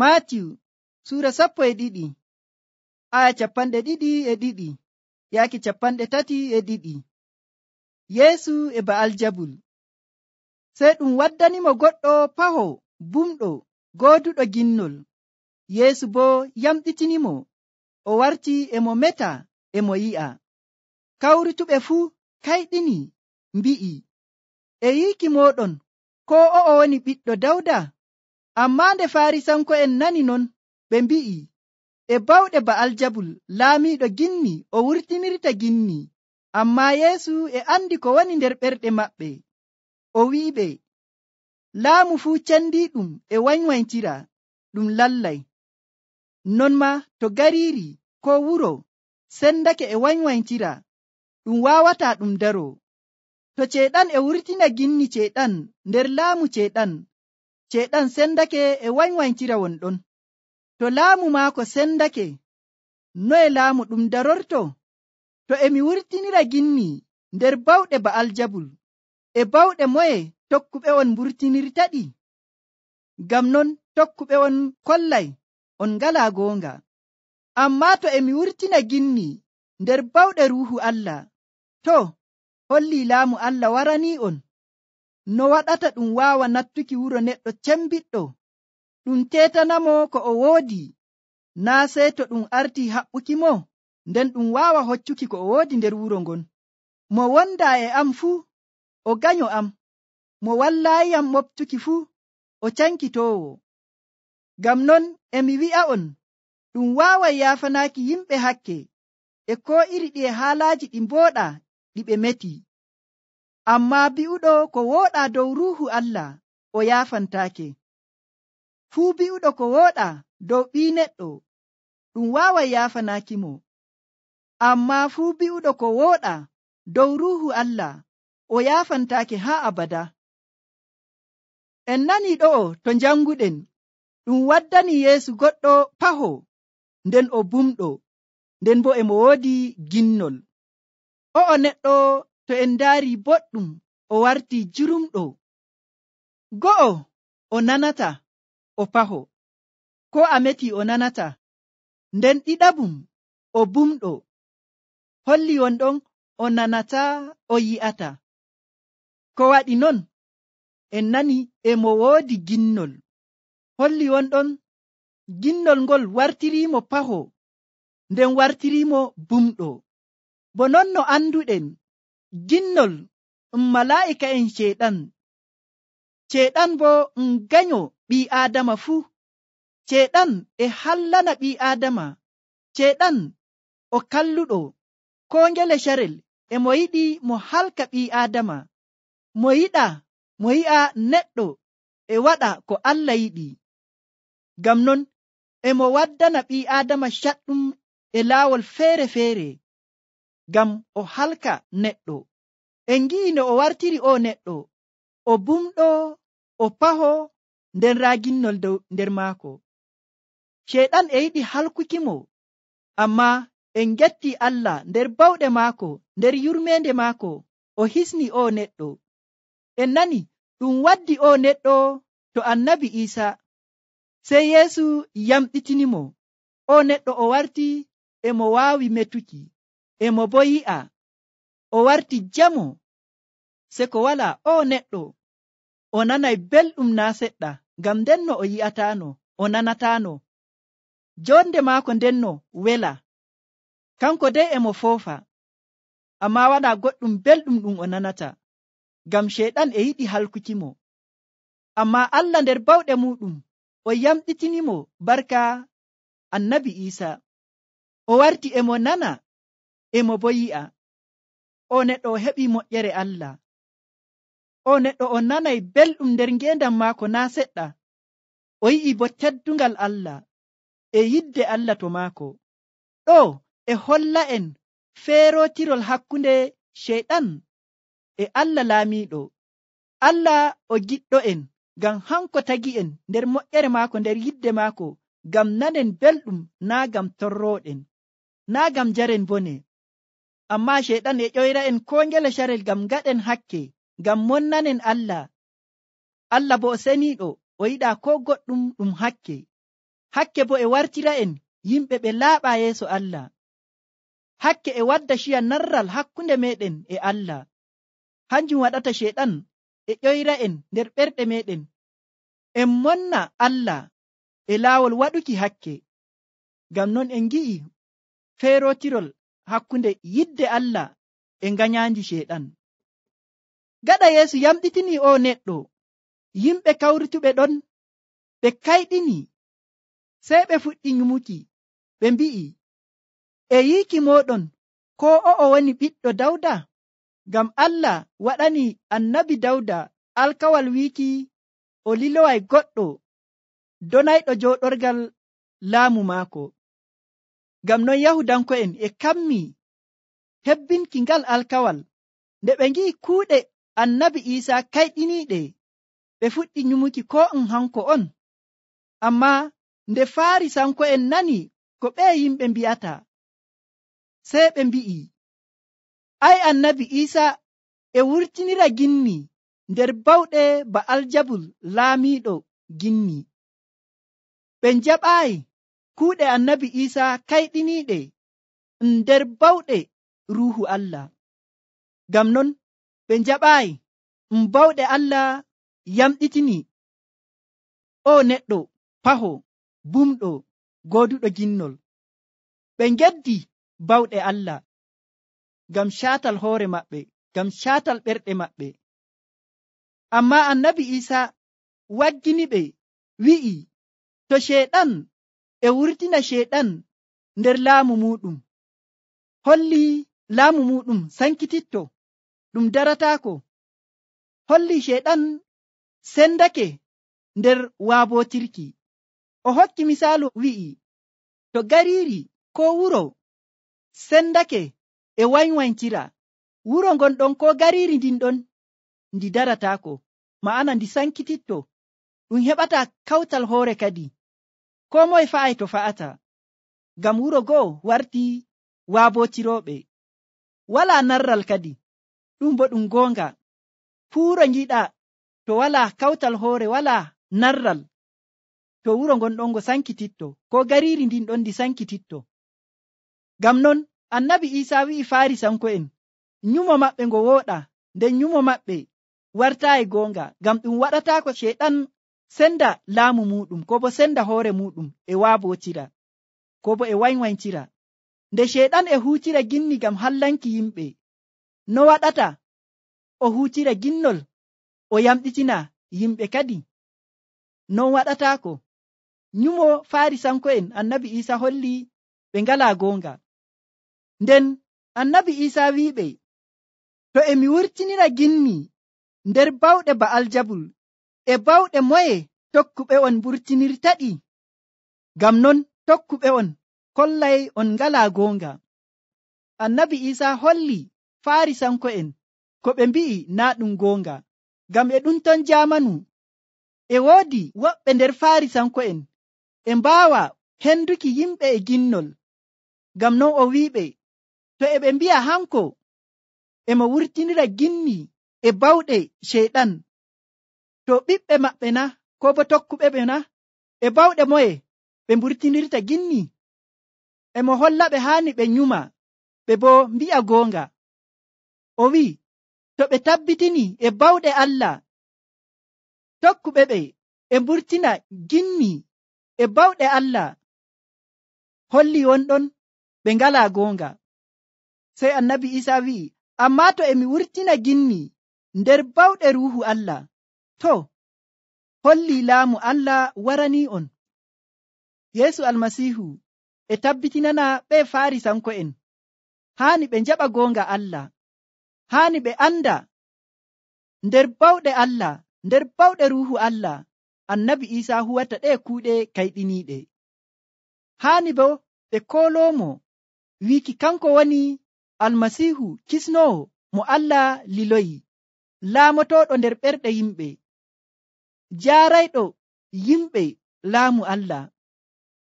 matiw sura sappo e ɗiɗi aya capanɗe ɗiɗi e ɗiɗi yaaki capanɗe tati e ɗiɗi yeesu e ba'aljabul sey ɗum waddanimo goɗɗo paho bumɗo gooduɗo ginnol yeesu bo yamɗitinimo o warti e mo meta e mo yi'a kawrituɓe fuu kayɗini mbi'i e yi'ki moɗon ko o o woni ɓiɗɗo dawda amma nde farisanko'en nani non ɓe mbi'i e bawɗe ba'aljabul laamiɗo ginni o wurtinirta ginni amma yeesu e andi ko woni nder ɓerɗe maɓɓe o wi'i ɓe laamu fuu candiɗum e wanywaytira ɗum lallay non ma to gariri ko wuro sendake e wanywaytira ɗum wawata ɗum daro to ceɗan e wurtina ginni ceɗan nder laamu ceɗan ceɗan sendake e wanywantira wonɗon to laamu maako sendake noye laamu ɗum darorto to emi wurtinira ginmi nder bawɗe ba'al jabul e bawɗe moye tokkuɓe on mburtinirtaɗi ngam non tokkuɓe on kollay on ngala goonga amma to emi wurtina ginmi nder bawɗe ruuhu allah to holli laamu allah warani on no waɗata ɗum wawa nattuki wuro neɗɗo cembiɗɗo ɗum tetanamo ko o woodi na sei to ɗum arti haɓɓuki mo nden ɗum wawa hoccuki ko o woodi nder wuro ngon mo wonda e am fuu o ganyo am mo wallayiyam moftuki fuu o cankitowo gam non emi wi'a on ɗum wawai yafanaki yimɓe hakke e ko iri ɗi e haalaji ɗi mboɗa ɗi ɓe meti amma bi'uɗo ko woɗa dow ruhu allah o yafantaake fuu bi'uɗo ko woɗa dow ɓi neɗɗo ɗum wawa yafanaaki mo amma fuu bi'uɗo ko woɗa dow ruhu allah o yafantaake haa abada en nani ɗo to njanguɗen ɗum waddani yeesu goɗɗo paho nden o bumɗo nden bo emo woodi ginnol o'o neɗɗo to en ndaari boɗɗum o warti jurumɗo go'o o nanata o paho ko a meti o nanata nden ɗiɗabum o bumɗo holli on ɗon o nanata o yi'ata ko waɗi non en nani e mo woodi ginnol holli on ɗon ginnol ngol wartirimo paho nden wartirimo bumɗo bo non no annduɗen ginnol ɗum mala'ika en ceɗan ceɗan bo n ganyo ɓi adama fuu ceɗan e hallana ɓi adama ceɗan o kalluɗo ko ngele sharel e mo yiɗi mo halka ɓi adama mo yiɗa mo yi'a neɗɗo e waɗa ko allah yiɗi gam non e mo waddana ɓi adama shaɗɗum e laawol feere feere ngam o halka neɗɗo en ngi'i no o wartiri o neɗɗo o bumɗo o paho nden raginnol dow nder maako ceɗan e yiɗi halkuki mo amma en getti allah nder bawɗe maako nder yurmende maako o hisni o neɗɗo en nani ɗum waddi o neɗɗo to annabi isa sey yeesu yamɗitinimo o neɗɗo o warti e mo waawi metuki e mo bo yi'a o warti jamo se ko wala o neɗɗo o nanay belɗum na seɗɗa ngam ndenno o yi'atano o nanatano jonde maako ndenno wela kanko dey emo foofa amma wana goɗɗum belɗum ɗum o nanata ngam sheɗan e yiɗi halkukimo amma allah nder bawɗe muɗum o yamɗitinimo barka annabi isa o warti emo nana emo bo yi'a o neɗɗo o heɓi moƴƴere allah o neɗɗo o nanay belɗum nder ngendan maako na seɗɗa o yi'i bo caddungal allah e yidde allah to maako ɗo e holla en feerotirol hakkunde sheyɗan e allah laamiɗo allah o giɗɗo en ngam hanko tagi en nder moƴƴere maako nder yidde maako ngam nanen belɗum naa ngam torrooɗen naa ngam jaren bone amma sheɗan e ƴoyra en ko ngele sharel gam gaɗen hakke gam monnanen allah allah bo o seniɗo o yiɗa ko goɗɗum ɗum hakke hakke bo e wartira en yimɓe ɓe laaɓa yeeso allah hakke e wadda shiya narral hakkunde meɗen e allah hanjum waɗata sheɗan e ƴoyra en nder ɓerɗe meɗen en monna allah e laawol waɗuki hakke gam non en gi'i feerotirol hakkunde yidde allah e ganyandi sheɗan gaɗa yeeso yamɗitini o neɗɗo yimɓe kawrituɓe ɗon ɓe kayɗini sey ɓe fuɗɗi yumuki ɓe mbi'i e yiki moɗon ko o o woni ɓiɗɗo dawda ngam allah waɗani annabi dawda alkawal wiki o lilowai goɗɗo donayɗo joɗorgal laamu maako ngam non yahudanko'en e kammi hebbinki ngal alkawal nde ɓe ngi'i kuuɗe annabi iisaa kayɗiniiɗe ɓe fuɗɗi nyumuki ko n hanko on amma nde faari sanko'en nani ko ɓee yimɓe mbi'ata sey ɓe mbi'i ai annabi iisaa e wurtinira ginni nder bawɗe ba aljabul laamiiɗo ginni ɓe njaɓaayi kuuɗe annabi isa kayɗiniiɗe nder bawɗe ruuhu allah gam non ɓe jaɓaayi bawɗe allah yamɗitini o neɗɗo paho bumɗo gooduɗo ginnol ɓe ngeddi bawɗe allah gam shaatal hoore maɓɓe gam shaatal ɓerɗe maɓɓe amma annabi isa wagginiɓe wi'i to sheeɗan e wurtina sheɗan nder laamu muɗum holli laamu muɗum sankititto ɗum daratako holli sheɗan sendake nder waabotirki o hokki misaalu wi'i to gariri ko wuro sendake e wanywantira wuro ngon ɗon ko gariri ndin ɗon ndi daratako ma'ana ndi sankititto ɗum heɓata kawtal hoore kadi ko moye fa'ay to fa'ata ngam wuro go'o warti waabotirooɓe wala narral kadi ɗum bo ɗum goonga fuuro ngiɗa to wala kawtal hoore wala narral to wuro ngon ɗon ngo sankititto ko gariiri ndin ɗon ndi sankititto ngam non annabi isa wi'i farisanko'en nyumo maɓɓe ngo wooɗa nden nyumo maɓɓe wartaa e goonga ngam ɗum waɗata ko ceeɗan senda laamu muɗum ko bo senda hoore muɗum e waabotira ko bo e waywaytira nde sheɗan e huutira ginni gam hallanki yimɓe no waɗata o huutira ginnol o yamɗitina yimɓe kadi non waɗatako nyumo farisanko'en annabi isa holli ɓe ngala gonga nden annabi isa wiɓe to emi wurtinira ginni nder bawɗe ba aljabul e bawɗe moye tokkuɓe on mburtinirtaɗi gam non tokkuɓe on kollay on ngala gonga annabi isa holli farisanko en ko ɓe mbi'i na ɗum gonga gam e ɗum ton jamanu e woodi woɓɓe nder farisanko en e mbawa henduki yimɓe e ginnol gam non o wiɓe to eɓe mbiya hanko emo wurtinira ginni e bawɗe sheyɗan to ɓiɓɓe maɓɓe na ko bo tokkuɓe ɓe na e bawɗe moye ɓe mburtinirta ginni e mo holla ɓe haani ɓe nyuma ɓe bo mbi'a goonga o wi'i to ɓe tabbitini e bawɗe allah tokkuɓe ɓe e mburtina ginni e bawɗe allah holli wonɗon ɓe ngala goonga sey annabi isa wi'i amma to emi wurtina ginni nder bawɗe ruuhu allah to holli laamu allah warani on yeesu almasihu e tabbitinana ɓe farisanko'en haani ɓe njaɓa goonga allah haani ɓe annda nder bawɗe allah nder bawɗe ruuhu allah annabi isa huwata ɗe kuuɗe kayɗiniiɗe haani bo ɓe koloomo wiiki kanko woni almasihu kisnowo mo allah liloyi laamotoɗo nder ɓerɗe yimɓe jaarayɗo yimɓe laamu allah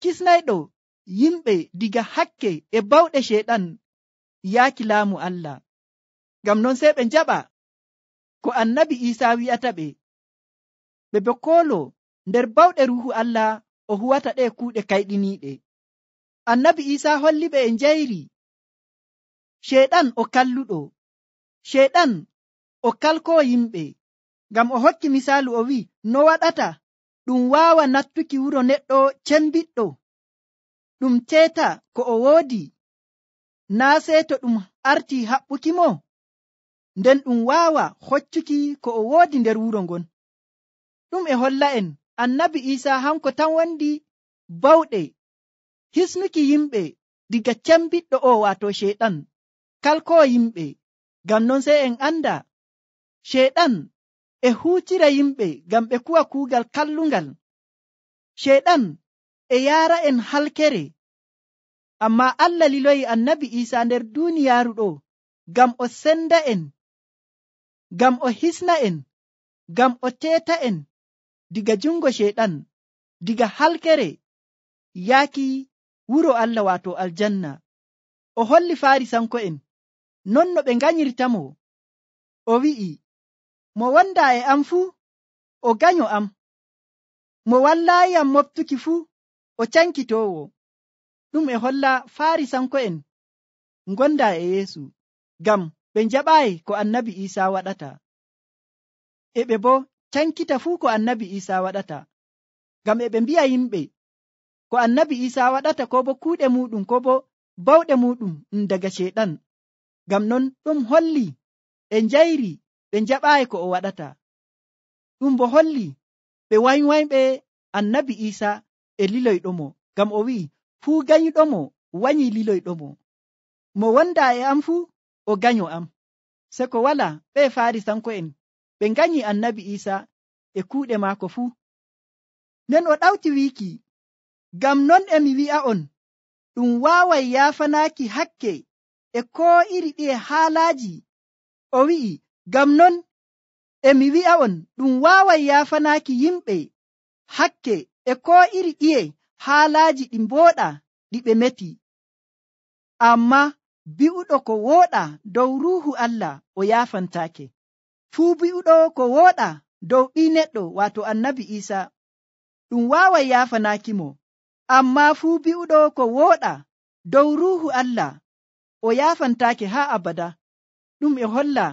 kisnayɗo yimɓe diga hakke e bawɗe sheɗan yaaki laamu allah ngam non sey ɓe njaɓa ko annabi isaa wi'ata ɓe ɓe be koolo nder bawɗe ruhu allah o huwata ɗe kuuɗe kayɗiniiɗe annabi isaa holli ɓe e njayri sheɗan o kalluɗo sheɗan o kalkoo yimɓe ngam o hokki misalu o wi'i no waɗata ɗum wawa nattuki wuro neɗɗo cenbiɗɗo ɗum teta ko o woodi na seto ɗum arti haɓɓuki mo nden ɗum wawa hoccuki ko o woodi nder wuro ngon ɗum e holla en annabi isa hanko tan wondi bawɗe hisnuki yimɓe diga cembiɗɗo o wato sheɗan kalko yimɓe ngam non sey en anda sheɗan e huutira yimɓe ngam ɓe kuwa kuugal kallungal sheɗan e yaara en halkere amma allah liloyi annabi isa nder duuniyaaru ɗo ngam o senda en ngam o hisna en ngam o teeta en diga jungo sheɗan diga halkere yaaki wuro allah waato aljanna o holli farisanko'en non no ɓe nganyirtamo o wi'i mo wonda e am fuu o ganyo am mo wallayi am moftuki fuu o cankitowo ɗum e holla farisanko'en gonda e yeesu ngam ɓe njaɓayi ko annabi isa waɗata e ɓe bo cankita fuu ko annabi isa waɗata ngam e ɓe mbi'a yimɓe ko annabi isa waɗata ko bo kuuɗe muɗum ko bo bawɗe muɗum ɗum daga ceɗan ngam non ɗum holli e njayri ɓe njaɓayi ko o waɗata ɗum bo holli ɓe waywayɓe annabi isa e liloyɗomo ngam o wi'i fuu ganyuɗomo wayi liloyɗomo mo wonda e am fuu o ganyo am se ko wala ɓe farisanko'en ɓe ganyi annabi isa e kuuɗe maako fuu nden o ɗawti wiiki ngam non emi wi'a on ɗum waaway yaafanaaki hakke e ko iri ɗi e haalaaji o wi'i gam non emi wi'a on ɗum wawai yafanaki yimɓe hakke e ko iri ɗiye haalaji ɗi mboɗa ɗi ɓe meti amma bi'uɗo ko woɗa dow ruhu allah o yafantake fuu bi'uɗo ko woɗa dow ɓi neɗɗo wato annabi isa ɗum wawai yafanaki mo amma fuu bi'uɗo ko woɗa dow ruhu allah o yafantake haa abada ɗum e holla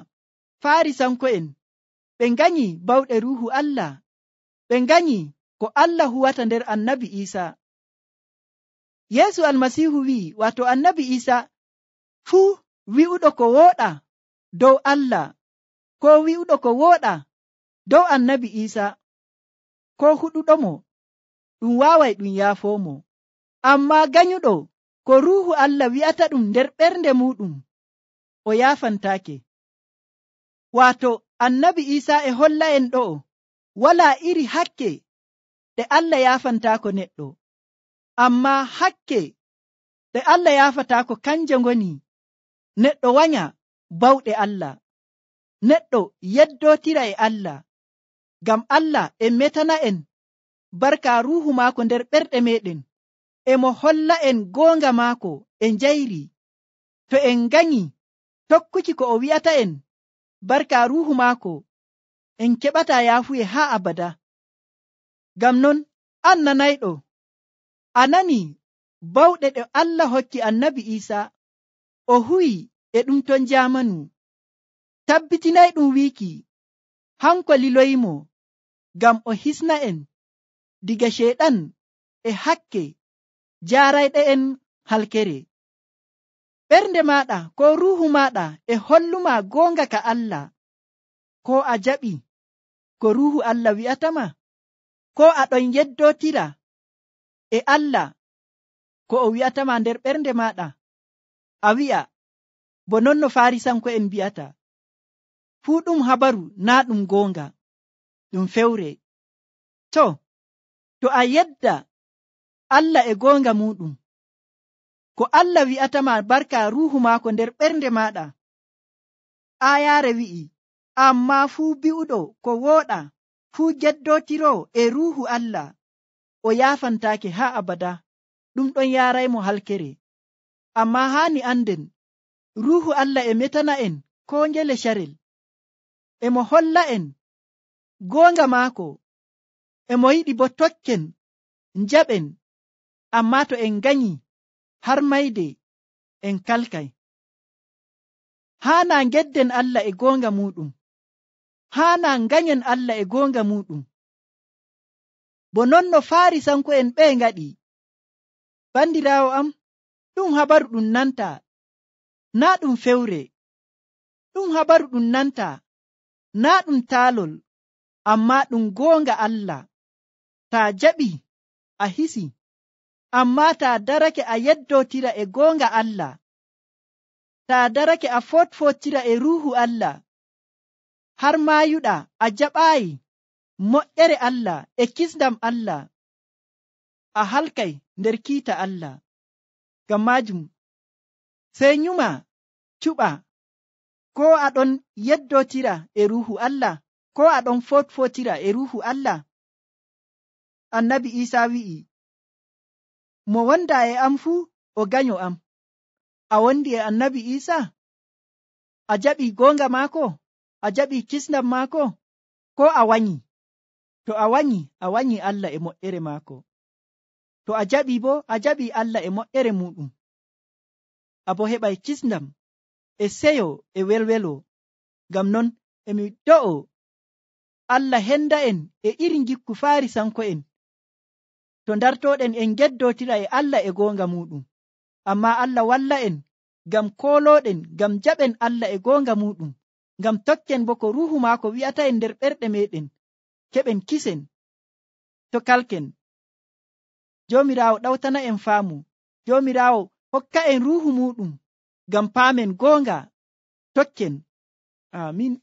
farisanko'en ɓe ganyi bawɗe ruhu allah ɓe ganyi ko allah huwata nder annabi isa yesu almasihu wi'i wato annabi isa fuu wi'uɗo ko wooɗa dow allah ko wi'uɗo ko wooɗa dow annabi isa ko huɗuɗomo ɗum waaway ɗum yaafomo amma ganyuɗo ko ruhu allah wi'ata ɗum nder ɓernde muɗum o yaafantaake wato annabi isa e holla en ɗo wala iri hakke ɗe allah yafantako neɗɗo amma hakke ɗe allah yafatako kanje ngoni neɗɗo wanya bawɗe allah neɗɗo yeddotira e allah gam allah e metana en barka ruhu maako nder ɓerɗe meɗen e mo holla en gonga maako e njayri to en ngangi tokkuki ko o wi'ata en barka ruhu maako en keɓata yaafuye haa abada ngam non an nanayɗo a nani bawɗe ɗe allah hokki annabi iisa o huwi e ɗum ton jamanu tabbitinay ɗum wiiki hanko liloyimo ngam o hisna en diga sheɗan e hakke jaarayɗe en halkere ɓernde maɗa ko ruhu maɗa e holluma gonga ka allah ko a jaɓi ko ruhu allah wi'atama ko aɗon yeddotira e allah ko o wi'atama nder ɓernde maɗa a wi'a bo non no farisanko en mbi'ata fuu ɗum habaru na ɗum gonga ɗum fewre to to a yedda allah e gonga muɗum ko allah wi'atama barka ruhu maako nder ɓernde maɗa ayaare wi'i amma fuu bi'uɗo ko wooɗa fuu jeddotiro e ruhu allah o yafantaake haa abada ɗum ɗon yaraymo halkere amma haani anden ruhu allah e metana en ko ngele sharel emo holla en goonga maako emo yiɗi bo tokken njaɓen amma to en ganyi har mayde en kalkay haana ngedden allah e goonga muɗum haana ganyen allah e goonga muɗum bo non no farisanko'en ɓe ngaɗi bandirawo am ɗum habaru ɗum nanta na ɗum fewre ɗum habaru ɗum nanta na ɗum taalol amma ɗum goonga allah ta jaɓi a hisi amma ta darake a yeddotira e gonga allah ta darake a fotfotira e ruhu allah har mayuɗa a jaɓayi moƴƴere allah e kisdam allah a halkai nder kiita allah gam majum sei nyuma cuɓa ko aɗon yeddotira e ruhu allah ko aɗon fotfotira e ruhu allah annabi isa wi'i mo wonda e am fuu o ganyo am a wondi e annabi isa a jaɓi gonga maako a jaɓi kisnam maako ko a wanyi to a wanyi a wanyi allah e mo'ere maako to a jaɓi bo a jaɓi allah e mo'ere muɗum a bo heɓai kisnam e seyo e welwelo ngam non emi do'o allah henda en e iri gikku faari sanko en to ndartoɗen en geddotira e allah e gonga muɗum amma allah walla en ngam koloɗen ngam jaɓen allah e gonga muɗum ngam tokken bo ko ruhu maako wi'ata en nder ɓerɗe meɗen keɓen kisen to kalken jomirawo ɗawtana en faamu jomirawo hokka en ruhu muɗum ngam paamen gonga tokken amin